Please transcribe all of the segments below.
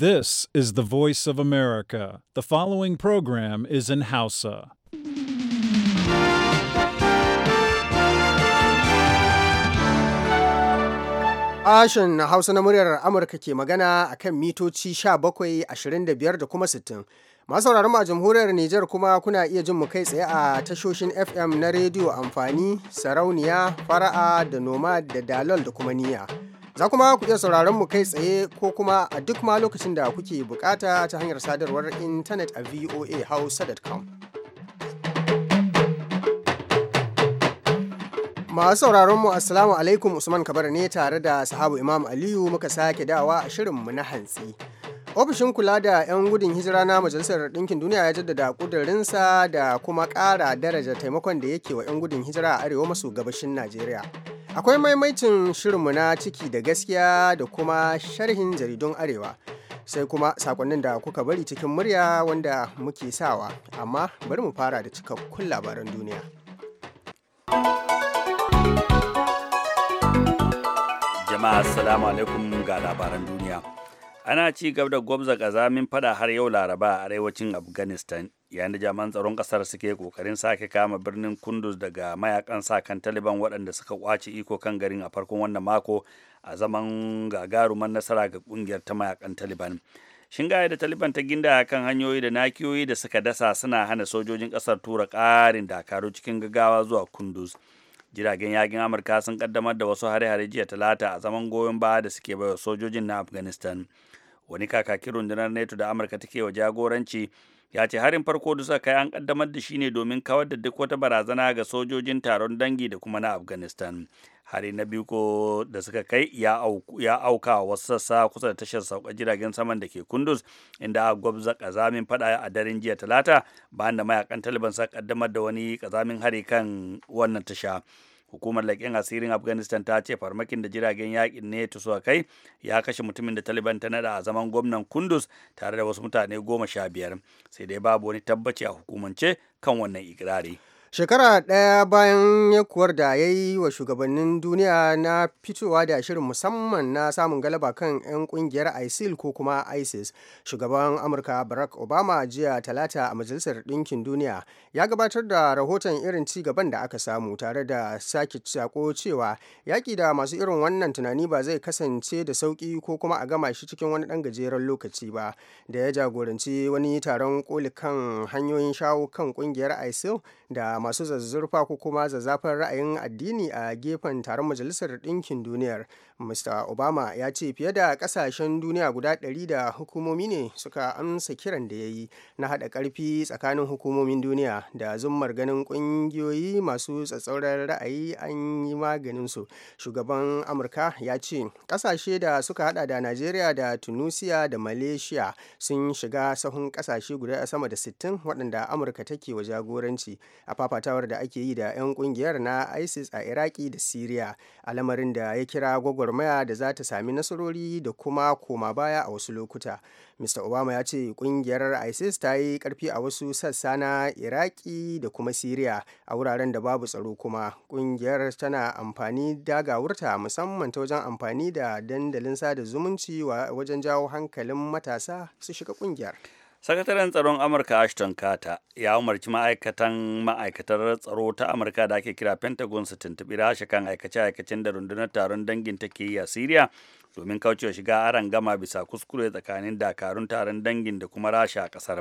This is the voice of America. The following program is in Hausa. Ashin Hausa na muryar Amurka ke magana a kan mitoci bakwai ashirin da kuma 60. Masu sauraron a jamhuriyar Nijar kuma kuna iya jin mu kai tsaye a tashoshin FM na rediyo amfani, sarauniya, fara'a da noma da dalol da kuma niyya. Za kuma ku iya sauraron mu kai tsaye ko kuma a duk ma lokacin da kuke bukata ta hanyar sadarwar intanet a voahausa.com. Masu sauraron mu Assalamu alaikum Usman Kabar ne tare da sahabu Imam Aliyu muka sake dawa a shirin mu na hantsi. Ofishin kula da 'yan gudun hijira na Majalisar Ɗinkin Duniya ya jaddada ƙudurinsa da kuma ƙara daraja taimakon da yake wa 'yan gudun hijira a arewa maso gabashin Najeriya. Akwai maimaicin shirinmu na ciki da gaskiya da kuma sharhin jaridun Arewa. Sai kuma sakonnin da kuka bari cikin murya wanda muke sawa, amma bari mu fara da cikakkun labaran duniya. Jama'a, Assalamu alaikum ga labaran duniya. ana ci gaba da gwamza ƙazamin fada har yau laraba a arewacin afghanistan yayin da jaman tsaron ƙasar suke kokarin sake kama birnin kunduz daga mayakan sa kan taliban waɗanda suka kwace iko kan garin a farkon wannan mako a zaman gagaruman nasara ga ƙungiyar ta mayakan taliban shingaya da taliban ta ginda kan hanyoyi da nakiyoyi da suka dasa suna hana sojojin ƙasar tura ƙarin dakaru cikin gaggawa zuwa kunduz jiragen yakin amurka sun kaddamar da wasu hare-hare jiya talata a zaman goyon baya da suke baiwa sojojin na afghanistan wani kakakin rundunar neto da amurka take wa jagoranci ya ce harin farko da suka kai an kaddamar da shi ne domin kawar da duk wata barazana ga sojojin taron dangi da kuma na afghanistan hari na biyu ko da suka kai ya auka wasu sassa kusa da tashar saukar jiragen saman da ke kunduz inda a gwabza kazamin fada a daren jiya talata bayan da mayakan taliban sa kaddamar da wani kazamin hari kan wannan tasha hukumar laƙin asirin afghanistan ta ce farmakin da jiragen yakin ne ta suka kai ya kashe mutumin da taliban ta nada a zaman gwamnan kunduz tare da wasu mutane goma sha biyar sai dai babu wani tabbaci a hukumance kan wannan ikirari. shekara ɗaya bayan yakuwar da ya yi wa shugabannin duniya na fitowa da shirin musamman na samun galaba kan 'yan kungiyar isil ko kuma isis shugaban amurka barack obama jiya talata a majalisar ɗinkin duniya ya gabatar da rahoton irin ci gaban da aka samu tare da sake sako cewa yaƙi da masu irin wannan tunani ba zai kasance da sauƙi ko kuma a gama shi cikin wani ɗan gajeren lokaci ba da ya jagoranci wani taron koli kan hanyoyin shawo kan kungiyar isil da masu zazzurfa ko kuma zazzafan ra'ayin addini a gefen taron majalisar ɗinkin duniyar Mr. Obama ya ce fiye da kasashen duniya guda ɗari da hukumomi ne suka amsa kiran da ya yi na haɗa ƙarfi tsakanin hukumomin duniya da zumar ganin ƙungiyoyi masu tsatsauran ra'ayi an yi maganin su. Shugaban Amurka ya ce ƙasashe da suka haɗa da Najeriya da Tunisia da Malaysia sun shiga sahun ƙasashe guda sama da 60 waɗanda Amurka take wa jagoranci a fafatawar da ake yi da 'yan ƙungiyar na ISIS a Iraki da Siriya a lamarin da ya kira gwagwar gwagwarmaya da za ta sami nasarori da kuma koma baya a wasu lokuta mr obama ya ce kungiyar isis ta yi karfi a wasu sassa na iraki da kuma syria a wuraren da babu tsaro kuma kungiyar tana amfani dagawarta musamman ta wajen amfani da dandalin sada zumunci wajen jawo hankalin matasa su shiga kungiyar sakataren tsaron amurka ashton kata ya umarci ma'aikatan ma'aikatar tsaro ta amurka da ake kira pentagon su tuntuɓi rasha kan aikace-aikacen da rundunar taron dangin take yi a syria domin kaucewa shiga aran gama bisa kuskure tsakanin dakarun taron dangin da kuma rasha a ƙasar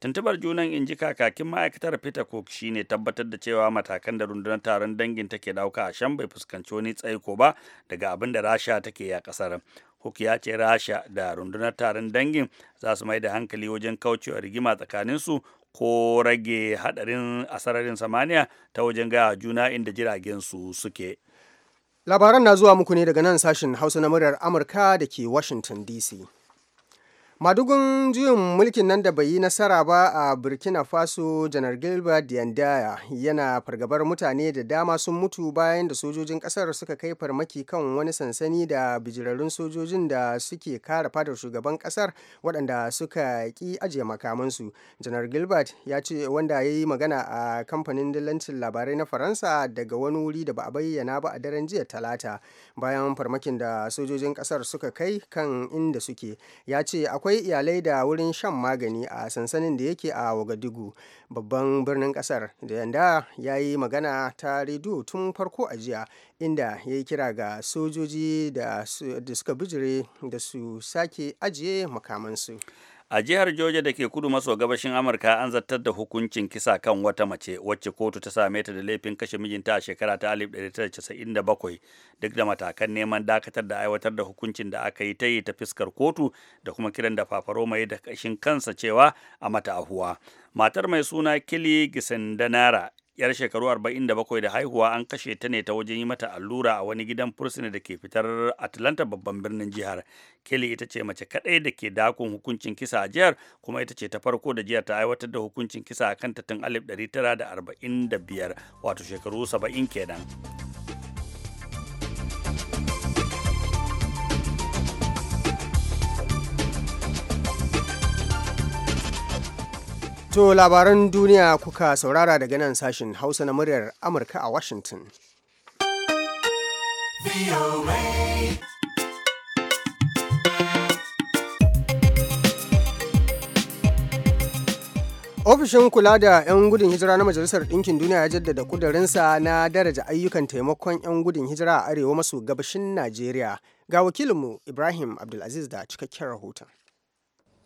tuntubar junan in ji kakakin ma'aikatar peter cook shine tabbatar da cewa matakan da rundunar taron dangin take ɗauka a shan bai fuskanci wani tsaiko ba daga abin da rasha take yi a kasar Hook ya ce Rasha da rundunar taron dangin za su mai da hankali wajen kaucewa rigima tsakanin su ko rage hadarin a sararin samaniya ta wajen gaya juna inda jiragen su suke. Labaran na zuwa muku ne daga nan sashen Hausa na muryar Amurka da ke Washington DC. madugun juyin mulkin nan da bai yi nasara ba a burkina faso janar gilbert diandaya yana fargabar mutane da dama sun mutu bayan da sojojin kasar suka kai farmaki kan wani sansani da bijirarrun sojojin da suke kara fadar shugaban kasar waɗanda suka ki ajiye makamansu janar gilbert ya ce wanda ya yi magana a kamfanin dillancin labarai na faransa daga wani wuri da ba a bayyana ba a daren jiya talata bayan farmakin da sojojin kasar suka kai kan inda suke ya ce akwai iyalai da wurin shan magani a sansanin da yake a wagadugu babban birnin kasar da yanda ya yi magana ta rediyo tun farko a jiya inda ya yi kira ga sojoji da suka bijire da su sake ajiye makamansu a jihar Georgia da ke kudu maso gabashin Amurka an zartar da hukuncin kisa kan wata mace wacce kotu ta same ta da laifin kashe mijinta a shekara ta 1997 duk da matakan neman dakatar da aiwatar da hukuncin da aka yi ta yi ta fiskar kotu da kuma kiran da fafaro mai da kashin kansa cewa a mata ahuwa. Matar mai suna Kili Gisendanara yar shekaru 47 da haihuwa an kashe ta ne ta wajen yi mata allura a wani gidan fursuna da ke fitar atlanta babban birnin jihar kelly ita ce mace kadai da ke dakon hukuncin kisa a jihar kuma ita ce ta farko da jihar ta aiwatar da hukuncin kisa a kan tatin 1945 wato shekaru 70 kenan To labaran duniya kuka saurara daga nan sashen Hausa na muryar Amurka a Washington. Ofishin kula da 'yan gudun hijira na Majalisar Ɗinkin Duniya ya jaddada kudurinsa na daraja ayyukan taimakon 'yan gudun hijira a arewa maso gabashin Najeriya. Ga wakilinmu Ibrahim Abdulaziz da cikakken rahoton.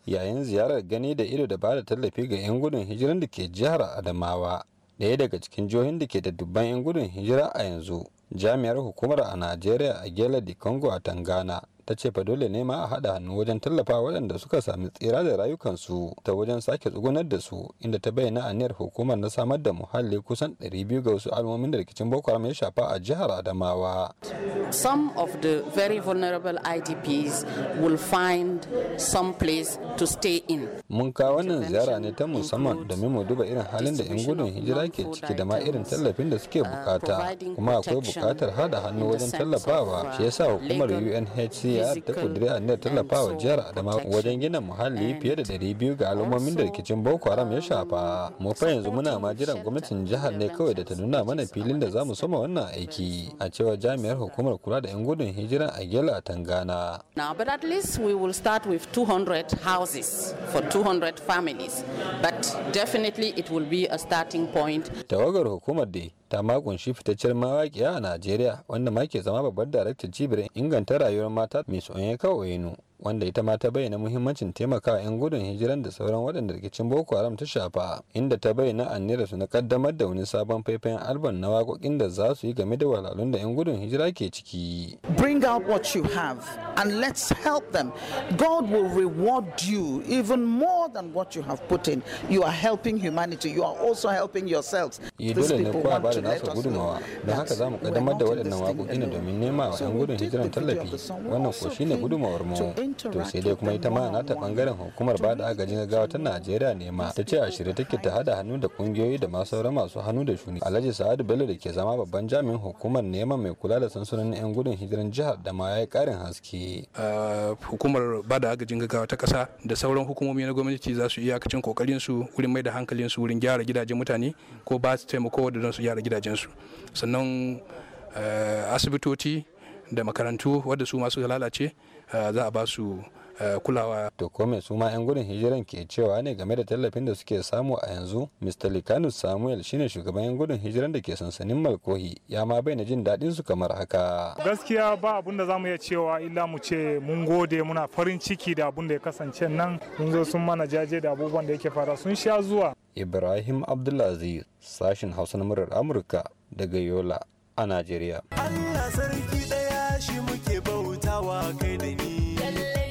yayin ziyarar gani da ido da ba da tallafi ga 'yan gudun hijirar da ke jihar adamawa ɗaya daga cikin jihohin da ke da dubban 'yan gudun hijira a yanzu jami'ar hukumar a najeriya a gela di congo a tangana ta ce fa dole ne ma a haɗa hannu wajen tallafa waɗanda suka sami tsira da rayukansu ta wajen sake tsugunar da su inda ta bayyana aniyar hukumar na samar da muhalli kusan 200 ga wasu al'ummomin da rikicin boko haram ya shafa a jihar adamawa some of the very vulnerable idps will find some place to stay in mun ka wannan ziyara ne ta musamman domin mu duba irin halin da 'yan gudun hijira ke ciki da ma irin tallafin da suke uh, bukata kuma akwai bukatar hada hannu wajen tallafawa shi yasa uh, hukumar unhcr kungiya ta kudiri aniyar tallafawa jihar adama wajen gina muhalli fiye da 200 ga al'ummomin da rikicin boko haram ya shafa um, mu fa yanzu muna ma jiran gwamnatin jihar ne kawai da ta nuna mana filin da za mu soma wannan aiki a cewa jami'ar hukumar kula da 'yan gudun hijira a gela tangana now but at least we will start with 200 houses for 200 families but definitely it will be a starting point tawagar hukumar dai ta ma kunshi fitaccen mawaƙiya a najeriya wanda ma ke zama babbar daraktan cibiyar inganta rayuwar mata mai soyayya kawai nu wanda ita ma ta bayyana muhimmancin taimakawa 'yan gudun hijiran da sauran waɗanda rikicin boko haram ta shafa inda ta bayyana annira su na kaddamar da wani sabon faifayen alban na wakokin da za su yi game da walalun da 'yan gudun hijira ke ciki bring out what you have and let's help them god will reward you even more than what you have put in you are helping humanity you are also helping yourselves yi dole ne kuwa ba da nasa gudunmawa don haka za mu kaddamar da waɗannan wakokin ne domin nema wa 'yan gudun hijiran tallafi wannan ko shine gudunmawar mu to dai kuma ita ma nata bangaren hukumar ba da agajin gaggawa ta najeriya ne ma ta ce a shirye take ta hada hannu da kungiyoyi da ma sauran masu hannu da shuni alhaji sa'adu bello da ke zama babban jami'in hukumar neman mai kula da sansanin yan gudun hijiran jihar da ma yayi karin haske hukumar ba da agajin gaggawa ta kasa da sauran hukumomi na gwamnati za su iyakacin kokarin su wurin mai da hankalin su wurin gyara gidajen mutane ko ba su taimako da don su gyara gidajen su sannan eh, asibitoci da makarantu wadda su masu lalace Eh, za a ba su eh, kulawa. To kome su ma 'yan gudun hijiran ke cewa ne game da tallafin da suke samu a yanzu? Mr. Likanus Samuel shine shugaban 'yan gudun hijiran da ke sansanin Malkohi ya ma bai na jin daɗin su kamar haka. Gaskiya ba abun da zamu iya cewa illa mu ce mun gode muna farin ciki da abun da ya kasance nan mun zo sun mana jaje da abubuwan da yake fara sun sha zuwa. Ibrahim Abdulaziz sashin Hausa na murar Amurka daga Yola a Najeriya. Allah sarki. rayuwa kai da ni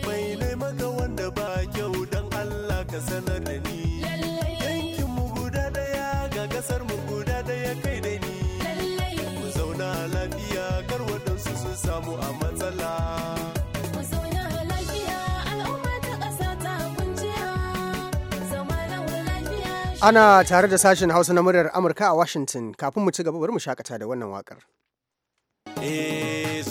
mai ne maka wanda ba kyau dan Allah ka sanar da ni yankin mu guda daya ga kasar mu guda daya kai da ni mu zauna lafiya kar waɗansu sun samu a matsala Ana tare da sashen Hausa na muryar Amurka a Washington kafin mu ci gaba bari mu shakata da wannan wakar. Eh,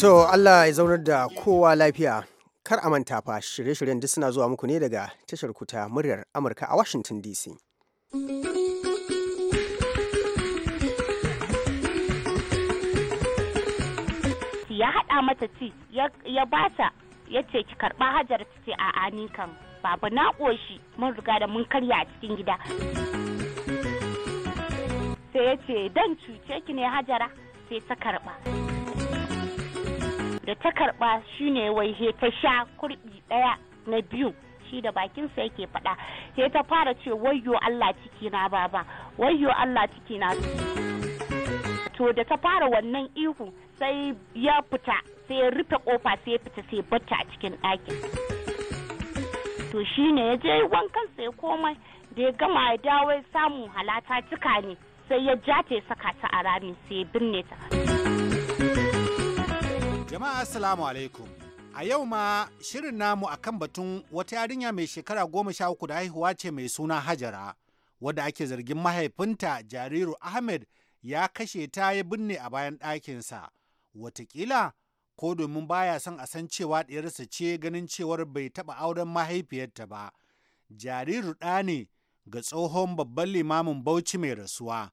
To Allah ya zaunar da kowa lafiya. Kar a manta fa shirye-shiryen duk suna zuwa muku ne daga tashar kuta muryar Amurka a Washington DC. Ya haɗa mata ci, ya ta ya ce ki karɓa hajar ce a anikan. babu na ƙoshi mun riga da mun karya a cikin gida. Sai ya ce, dan cuce ki ne hajara sai ta karɓa. da ta karba shine wai he ta sha kurbi daya na biyu shi da bakinsa yake faɗa he ta fara ce wayyo Allah ciki na baba wayyo Allah ciki na to da ta fara wannan ihu sai ya fita sai ya rufe kofa sai ya fita sai bata a cikin ɗakin to shine ya je wankan sai komai da ya gama ya dawo samu halata cika ne sai ya ja saka ta a rami sai ya binne ta. Jama'a Assalamu alaikum. A yau ma shirin namu akan batun wata yarinya mai shekara goma sha uku da haihuwa ce mai suna Hajara, wadda ake zargin mahaifinta Jariru Ahmed ya kashe ta ya binne a bayan ɗakinsa. Watakila ko domin baya son a san cewa ɗiyarsa ce ganin cewar bai taɓa auren mahaifiyarta ba. Jariru ɗa ne ga tsohon babban limamin Bauchi mai rasuwa.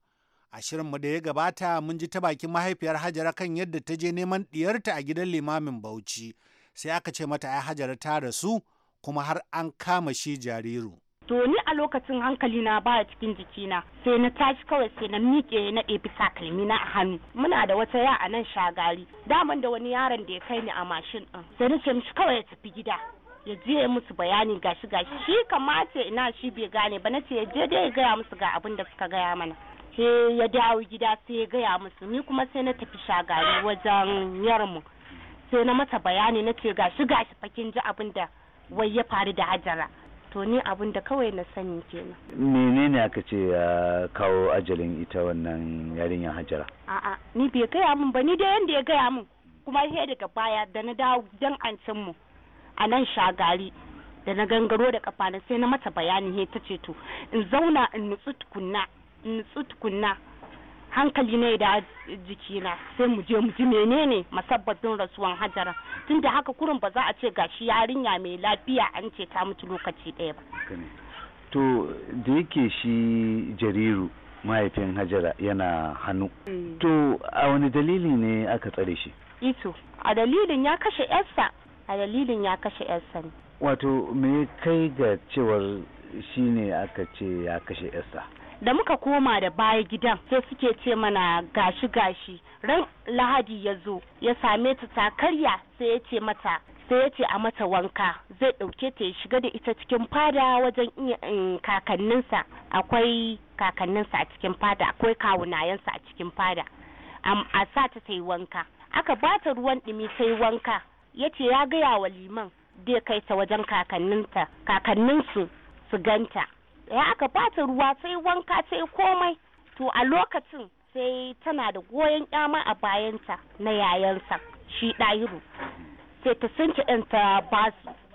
a shirin mu da ya gabata mun ji ta bakin mahaifiyar hajara kan yadda ta je neman ɗiyarta a gidan limamin bauchi sai aka ce mata ai hajara ta rasu kuma har an kama shi jariru to ni a lokacin hankali na baya cikin jikina sai na tashi kawai sai na miƙe na ɗebi takalmi na a hannu muna da wata ya a nan shagari daman da wani yaron da ya kai ni a mashin ɗin sai na ce mishi kawai ya tafi gida ya je musu bayani gashi gashi shi kamata ina shi bai gane ba na ce ya je dai ya gaya musu ga abin da suka gaya mana sai ya dawo gida sai ya gaya musu ni kuma sai na tafi shagari wajen yarmu sai na mata bayani na ce gashi gashi fakin ji abin da wai ya faru da hajara to ni abin da kawai na sani kenan menene aka ce ya kawo ajalin ita wannan yarinyar hajara a'a ni bai gaya min ba ni dai yanda ya gaya min kuma sai daga baya da na dawo dan an mu a nan shagari da na gangaro da kafa na sai na mata bayani he ta ce to in zauna in nutsu tukunna nutsu tukunna hankali ne da jikina sai mu je mu ji menene masabbatin rasuwan hajara tunda haka kurin ba za a ce gashi yarinya mai lafiya an ce ta mutu lokaci ɗaya ba to da yake shi jariru mahaifin hajara yana hannu mm. to a wani dalili ne aka tsare shi ito a dalilin ya kashe yarsa a dalilin ya kashe yarsa ne wato me kai ga cewar shi ne aka ce ya kashe yarsa da muka koma da baya gidan sai suke ce mana gashi gashi ran lahadi ya zo ya same ta ta karya sai ya ce mata sai ya ce a mata wanka zai ɗauke ta ya shiga da ita cikin fada wajen eh, kakanninsa akwai kakanninsa a cikin fada akwai kawunayensa a cikin fada a sa ta ta yi wanka aka ba ta ruwan ɗumi ta yi wanka ya ce ya gaya wa liman zai kai ta wajen kakanninsu su ganta ya aka bata ruwa sai wanka sai komai to a lokacin sai tana da goyon kyama a bayanta na yayansa shi ɗayiru sai ta sinci ɗin ba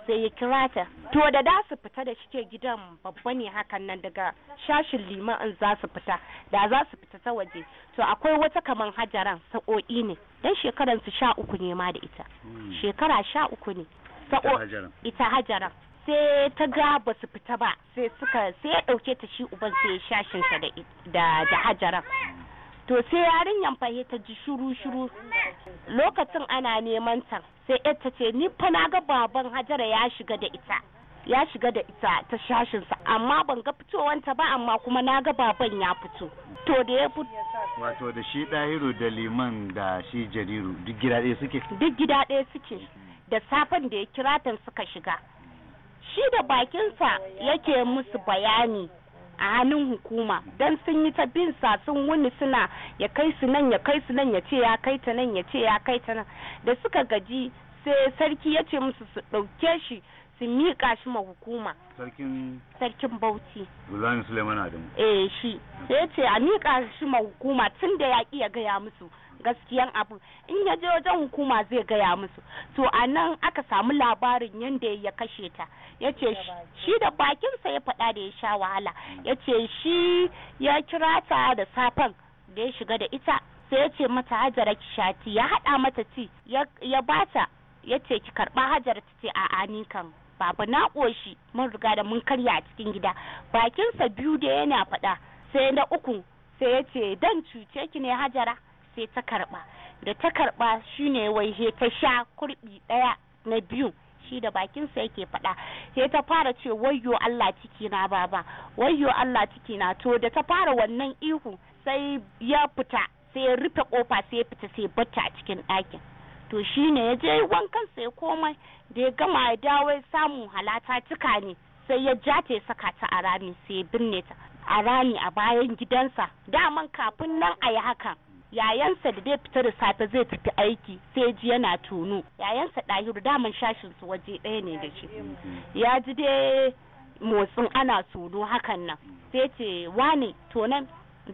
sai ya kira ta to da da su fita da shike gidan babba ne hakan nan daga shashin liman in za su fita da za su fita ta waje to akwai wata kaman hajaran sa'o'i ne dan shekaran su sha uku ne ma da ita hmm. shekara sha uku ne ita hajaran sai ta ga ba su fita ba sai suka sai ya ɗauke ta shi uban sai ya shashinta da da hajaran to sai yarinyan fa ta ji shuru shuru lokacin ana neman ta sai ta ce ni fa na ga baban hajara ya shiga da ita ya shiga da ita ta sa amma ban ga ta ba amma kuma na ga baban ya fito to da ya fito wato da shi dahiru da liman da shi jariru duk gida ɗaya suke duk gida ɗaya suke da safan da ya ta suka shiga shi da bakinsa yake musu bayani a hannun hukuma don sun yi ta bin sa sun wuni suna ya kai su nan ya kai su nan ya ce ya kai ta nan ya ce ya kai ta nan da suka gaji sai sarki ya ce musu su ɗauke shi su miƙa shi ma hukuma sarkin bauchi Ibrahim Suleiman Adamu eh shi sai ya ce a miƙa shi ma hukuma tun da ya ya gaya musu gaskiyan abu in ya je wajen hukuma zai gaya musu to a nan aka samu labarin yadda ya kashe ta ya ce shi da bakinsa ya faɗa da ya sha wahala ya ce shi ya kira ta da safen da ya shiga da ita sai ya ce mata hajara ki shati ya haɗa mata ci ya bata ya ce ki karba hajara ta ce a ni kan baba na ƙoshi mun riga da mun karya a cikin gida bakinsa biyu da yana faɗa sai na uku sai ya ce dan cuce ki ne hajara sai ta karba da ta karba shine wai he ta sha kurbi daya na biyu shi da bakinsa yake faɗa sai ta fara ce wayyo Allah ciki na baba wayyo Allah ciki na to da ta fara wannan ihu sai ya fita sai ya rufe kofa sai ya fita sai bata a cikin ɗakin to shine ya je wankan ya komai da ya gama ya dawo samu halata cika ne sai ya ja ta ya saka ta a rami sai ya binne ta a rami a bayan gidansa daman kafin nan a yi hakan yayansa da dai fita da safe zai tafi aiki sai ji yana tunu yayansa ɗahiru daman shashin su waje ɗaya ne da shi ya ji dai motsin ana tono hakan nan sai ce wane tonan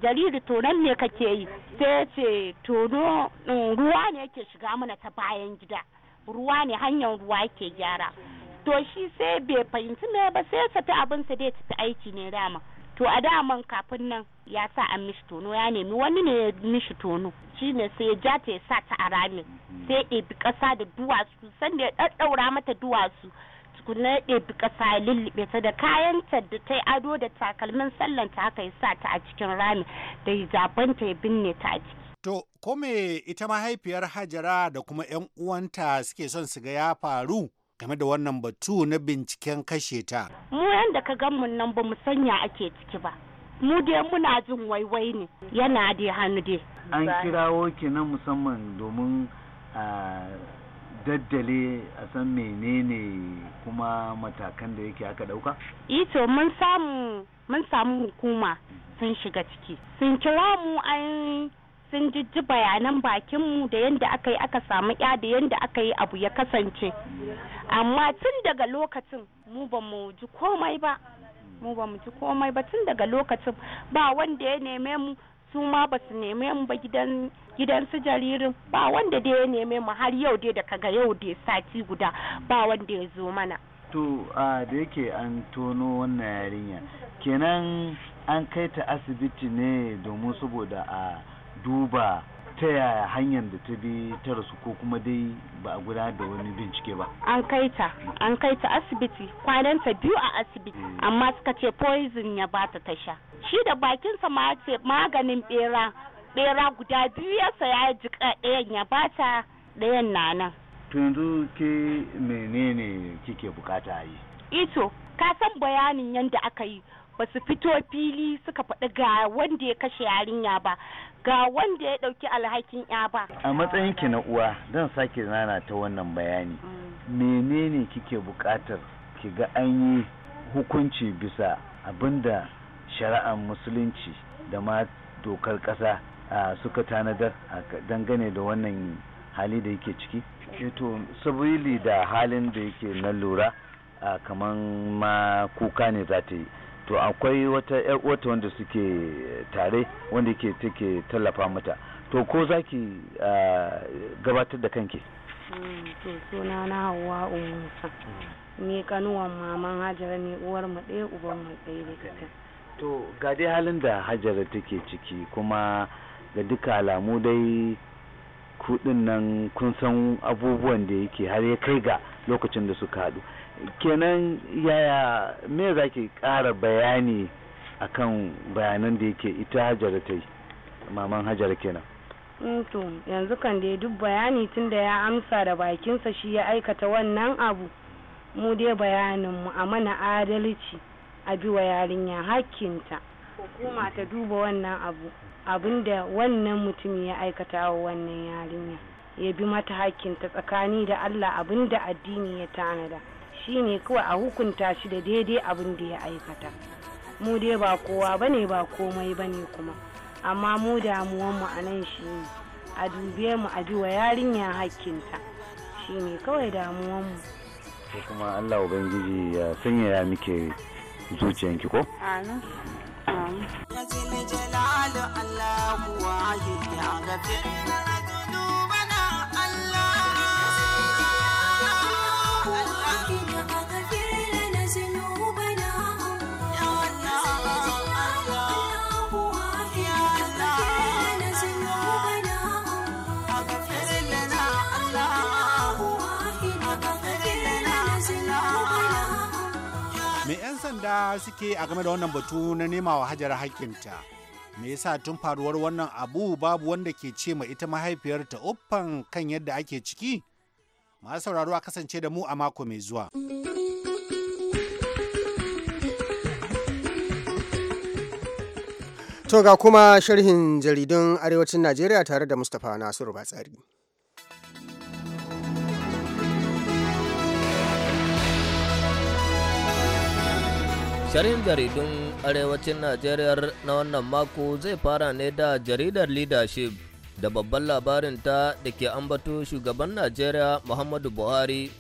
jariri tonon ne kake yi sai ce tono mm, ruwa ne yake shiga mana ta bayan gida ruwa ne hanyar ruwa yake gyara to shi sai bai fahimci me ba sai ya tafi abinsa dai tafi aiki ne dama to a daman kafin nan ya sa an mishi tono ya nemi wani ne ya mishi tono shine sai ya ja ta ya sa ta a rami mhm. sai ya ɗebi ƙasa da duwatsu sanda ya ɗaɗɗaura mata duwatsu tukuna ya ɗebi ƙasa ya lullube ta da kayan ta da ta yi ado da takalmin ta haka ya sa ta a cikin rami da ta ya binne ta a ciki. To, ko me ita mahaifiyar Hajara da kuma 'yan uwanta suke son su ga ya faru game da wannan batu na binciken kashe ta. Mu yanda ka gan mun nan ba mu sanya ake ciki ba. Mu dai muna jin waiwai ne yana dai hannu dai. An kirawo ki nan musamman domin a daddale a san menene kuma matakan da yake aka dauka? Ito eh mun mun samu hukuma sun shiga ciki. Sun kira mu an sun jijji bayanan bakinmu da yadda aka yi aka samu ya da yadda aka yi abu ya kasance amma tun daga lokacin mu ba mu ji komai ba mu ba mu ji komai ba tun daga lokacin ba wanda ya neme mu su ma ba su neme mu ba gidan gidan su jaririn ba wanda da ya neme mu har yau dai da kaga yau dai sati guda ba wanda ya zo mana to a da yake an tono wannan yarinya kenan an kai ta asibiti ne domin saboda a duba ta yaya hanyar da ta bi ta rasu ko kuma dai ba a gudanar da wani bincike ba an kai ta an kai ta asibiti kwananta biyu a asibiti mm. amma suka ce poison ya ba ta tasha. shi da bakinsa ma ce maganin bera bera guda biyu ya saya jika ɗayan ya ba ta ɗayan na nan to yanzu ke menene kike bukata yi ito ka san bayanin yadda aka yi ba su fito fili suka faɗi ga wanda ya kashe yarinya ba ga wanda ya ɗauki alhakin ya ba. A matsayin ki na uwa zan sake zana ta wannan bayani. Mm. Menene kike buƙatar ki ga an yi hukunci bisa abinda shari'ar musulunci da ma dokar ƙasa suka tanadar dangane da wannan hali da yake ciki? Eh, to sabili da halin da yake na lura kaman ma kuka ne za ta yi to akwai wata yar wata wanda suke tare wanda ke take tallafa mata to ko za gabatar da kanki mm, to suna na hawa umusa mm. ni kanuwan maman hajara ne uwar mu ɗaya uban mu ɗaya da to ga dai halin da hajara take ciki kuma ga duka alamu dai kudin nan kun san abubuwan da yake har ya kai ga lokacin da suka haɗu kenan yaya me za ki ƙara bayani akan bayanan da yake ita hajara ta yi maman hajara kenan mm, to yanzu kan dai duk bayani tun da ya amsa da bakinsa shi ya aikata wannan abu mu dai bayaninmu a mana adalci a bi wa yarinya hakkinta hukuma ta duba wannan abu abinda wannan mutum ya aikata wa wannan yarinya ya bi mata hakkinta tsakani da allah abinda addini ya tanada shine kawai a hukunta shi da daidai abin da ya aikata mu dai ba kowa bane ba komai bane kuma amma mu damuwan mu a nan shi ne a dube mu a wa yarinya hakkinta shi ne kawai damuwan mu. sai kuma allah ubangiji ya sanya ya muke zuciyanki ko amin amin Najeriya suke a game da wannan batu na nema wa Hajara hakinta. Me yasa tun faruwar wannan abu babu wanda ke ce ma ita mahaifiyarta uffan kan yadda ake ciki? Masu sauraro a kasance da mu a mako mai zuwa. To ga kuma sharhin jaridun Arewacin Najeriya tare da Mustapha Nasiru Batsari. Shirin jaridun Arewacin Najeriya na wannan mako zai fara ne da jaridar leadership da babban labarinta da ke ambato shugaban Najeriya Muhammadu Buhari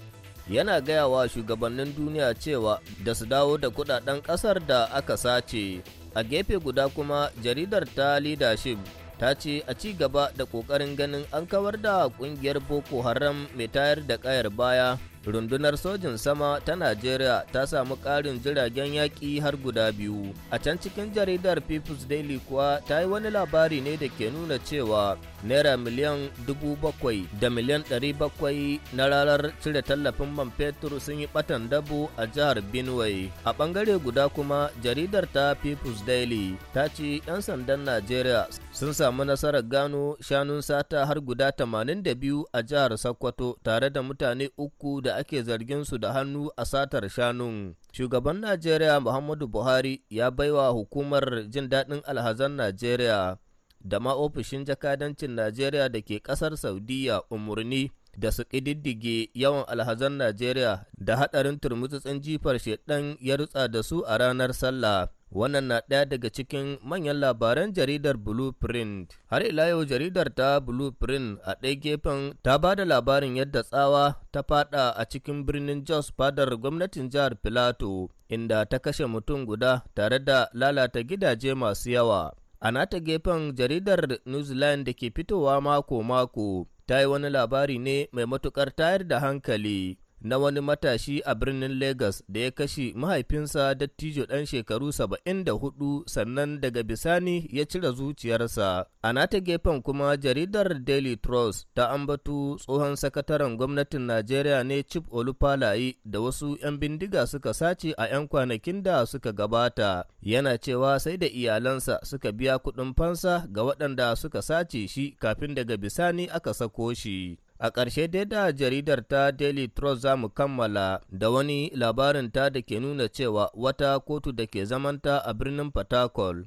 yana gaya wa shugabannin duniya cewa da su dawo da kudaden kasar da aka sace. A gefe guda kuma jaridar ta leadership ta ce a ci gaba da ƙoƙarin ganin an kawar da ƙungiyar Boko Haram mai tayar da ƙayar baya. rundunar sojin sama ta najeriya ta samu ƙarin jiragen yaƙi har guda biyu a can cikin jaridar people's daily kuwa ta yi wani labari ne da ke nuna cewa naira miliyan dubu bakwai da miliyan ɗari bakwai na ranar cire tallafin man fetur sun yi ɓatan dabo a jihar benue a ɓangare guda kuma jaridar ta people's daily ta ce 'yan sandan najeriya sun samu nasarar gano shanun sata har guda 82 a jihar sokoto tare da mutane uku da ake zargin su da hannu a satar shanun shugaban najeriya muhammadu buhari ya baiwa hukumar jin daɗin alhazan najeriya da ma ofishin jakadancin Najeriya da ke ƙasar Saudiya umarni da su ƙididdige yawan alhazan Najeriya da haɗarin turmutsutsun jifar shaɗan ya rutsa da su a ranar sallah. Wannan na ɗaya daga cikin manyan labaran jaridar Blueprint. Har ila yau jaridar ta Blueprint a ɗaya gefen ta ba da labarin yadda tsawa ta fada a cikin birnin Jos fadar gwamnatin jihar Filato, inda ta kashe mutum guda tare da lalata gidaje masu yawa. A nata gefen jaridar New Zealand da ke fitowa mako-mako ta yi wani labari ne mai matukar tayar da hankali na wani matashi a birnin Legas da ya kashe mahaifinsa dattijo ɗan shekaru saba'in da hudu sannan daga bisani ya cire zuciyarsa. A nata gefen kuma jaridar Daily Trust ta ambatu tsohon sakataren gwamnatin Najeriya ne Chip Olufalayi da wasu 'yan bindiga suka sace a 'yan kwanakin da suka gabata. Yana cewa sai da iyalansa suka biya kuɗin fansa ga waɗanda suka sace shi kafin daga bisani aka sako shi. A ƙarshe dai da jaridar ta Daily Trust za mu kammala da wani labarin ta da ke nuna cewa wata kotu da ke zamanta a birnin Fatakol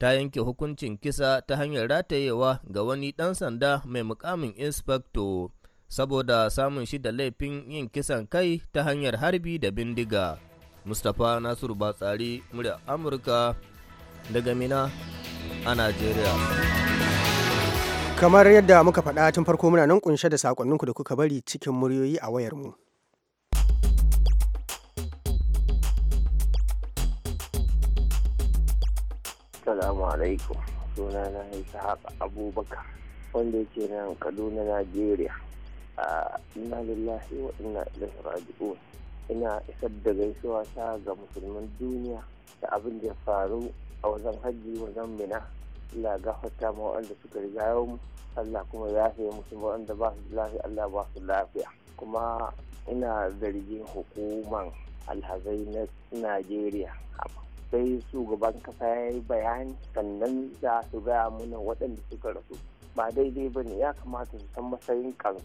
ta yanke hukuncin kisa ta hanyar ratayewa ga wani ɗan sanda mai mukamin inspector saboda samun shi da laifin yin kisan kai ta hanyar harbi da bindiga. Mustapha Nasiru Batsari, murya Amurka daga Mina a Najeriya. kamar yadda muka faɗa tun farko muna nan kunshe da sakonninku da kuka bari cikin muryoyi a wayar mu. Salamu alaikum suna na haka Abubakar wanda yake nan Kaduna Najeriya. ina lillahi wa ina ilaihi raji'un. Ina isar da gaisuwa ta ga musulman duniya da abin da ya faru a wajen hajji wajen mina Allah gafarta mu wanda suka riga mu Allah kuma ya yafe musu waɗanda ba su lafiya Allah ba su lafiya kuma ina zargin hukuman alhazai na Najeriya sai shugaban kasa ya yi bayani sannan za su gaya mana waɗanda suka rasu ba daidai ba ne ya kamata su san matsayin kan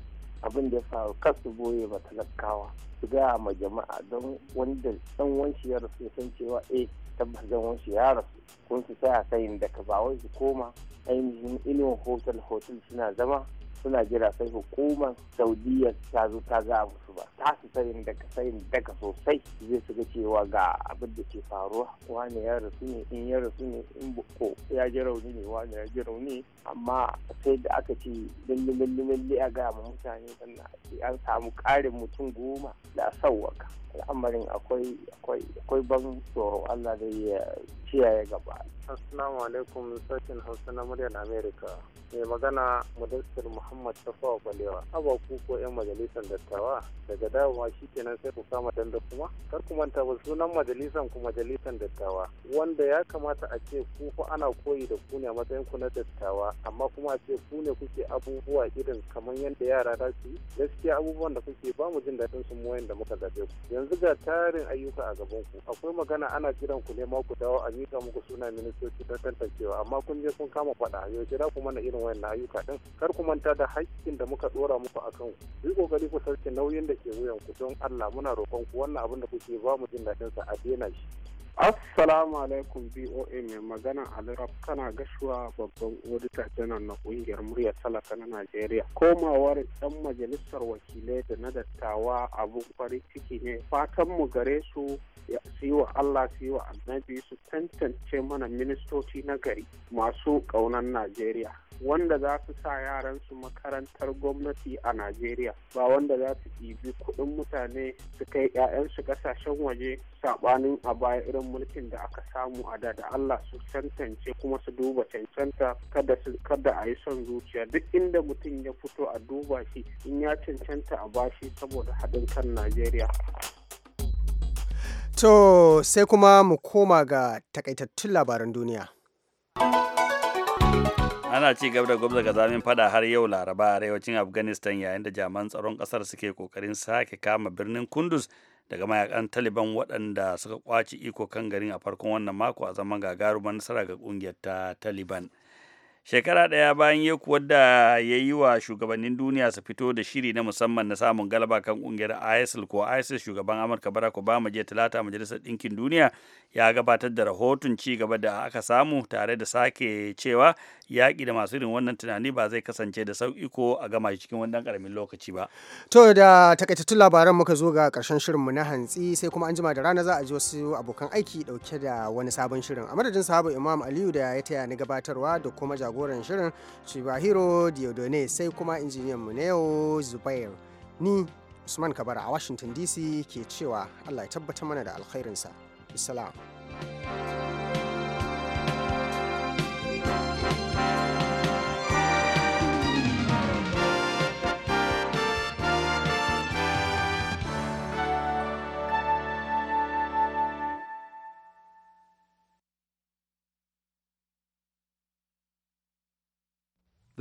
abin da ya faru kar su boye ba talakawa su gaya ma jama'a don wanda ɗan wanshi ya rasu san cewa eh tabbas dan wasu ya rasu kun su sai a sayin daga ba wai su koma ainihin ilimin hotel hotel suna zama suna jira sai hukumar saudiya ta zo ta ga ba ta su sayin daga sayin daga sosai zai su ga cewa ga abin da ke faruwa wani ya rasu ne in ya rasu ne in ko ya ji rauni ne wani ya ji rauni amma sai da aka ce lalle lalle a gaya mutane sannan an samu ƙarin mutum goma da sauwaka al'amarin akwai akwai ban tsoro Allah da ya kiyaye gaba. Assalamu alaikum sashen Hausa na muryar Amerika. Mai magana Mudassir Muhammad Tafawa Balewa. Haba ku ko 'yan majalisar dattawa daga dawowa shi kenan sai ku kama danda kuma kar ku manta ba sunan majalisan ku majalisan dattawa wanda ya kamata a ce ku fa ana koyi da ku ne a matsayin ku na dattawa amma kuma a ce ku ne kuke abubuwa irin kamar yadda yara za su yi gaskiya abubuwan da kuke ba mu jin daɗin su mu da muka zaɓe ku yanzu ga tarin ayyuka a gaban ku akwai magana ana jiran ku ne ma ku dawo a miƙa muku suna ministoci don tantancewa amma kun je kun kama faɗa yaushe za ku mana irin wayannan ayyuka ɗin kar ku manta da haƙƙin da muka ɗora muku a kan ku yi ƙoƙari ku sauke nauyin da da ke wuyan ku don Allah muna roƙon ku wannan abin da kuke ba mu jin daɗin sa a dena shi Assalamu alaikum BOA mai magana Alirab kana gashuwa babban odita janar na ƙungiyar murya talaka na Najeriya. Komawar ɗan majalisar wakilai da na dattawa abin farin ciki ne. Fatan mu gare su su yi wa Allah su yi wa annabi su tantance mana ministoci na gari masu ƙaunar Najeriya. wanda za su sa yaran su makarantar gwamnati a Najeriya ba wanda za su ɗibi kuɗin mutane su kai 'ya'yansu ƙasashen waje saɓanin a baya irin mulkin da aka samu a da da Allah su tantance kuma su duba cancanta kada su kada a yi son zuciya duk inda mutum ya fito a duba shi in ya cancanta a bashi saboda haɗin kan Najeriya. To sai kuma mu koma ga takaitattun labaran duniya. ana ci gaba da gwamnati zamin fada har yau laraba a arewacin afghanistan yayin da jaman tsaron kasar suke kokarin sake kama birnin kunduz daga mayakan taliban waɗanda suka kwaci iko kan garin a farkon wannan mako a zaman gagaruman nasara ga kungiyar ta taliban shekara ɗaya bayan ya kuwa ya yi wa shugabannin duniya su fito da shiri na musamman na samun galaba kan ƙungiyar isil ko isis shugaban amurka barack obama jiya talata majalisar ɗinkin duniya ya gabatar da rahoton ci gaba da aka samu tare da sake cewa yaƙi da masu irin wannan tunani ba zai kasance da sauƙi ko a gama shi cikin wannan ƙaramin lokaci ba. to da takaitattun labaran muka zo ga ƙarshen shirinmu na hantsi sai kuma an jima da rana za a ji wasu abokan aiki ɗauke da wani sabon shirin a madadin sahabu imam aliyu da ya taya ni gabatarwa da kuma jagoran shirin Chibahiro Diodone sai kuma injiniyan mu na yau Zubair. Ni Usman Kabara a Washington DC ke cewa Allah ya tabbatar mana da alkhairinsa. Islam.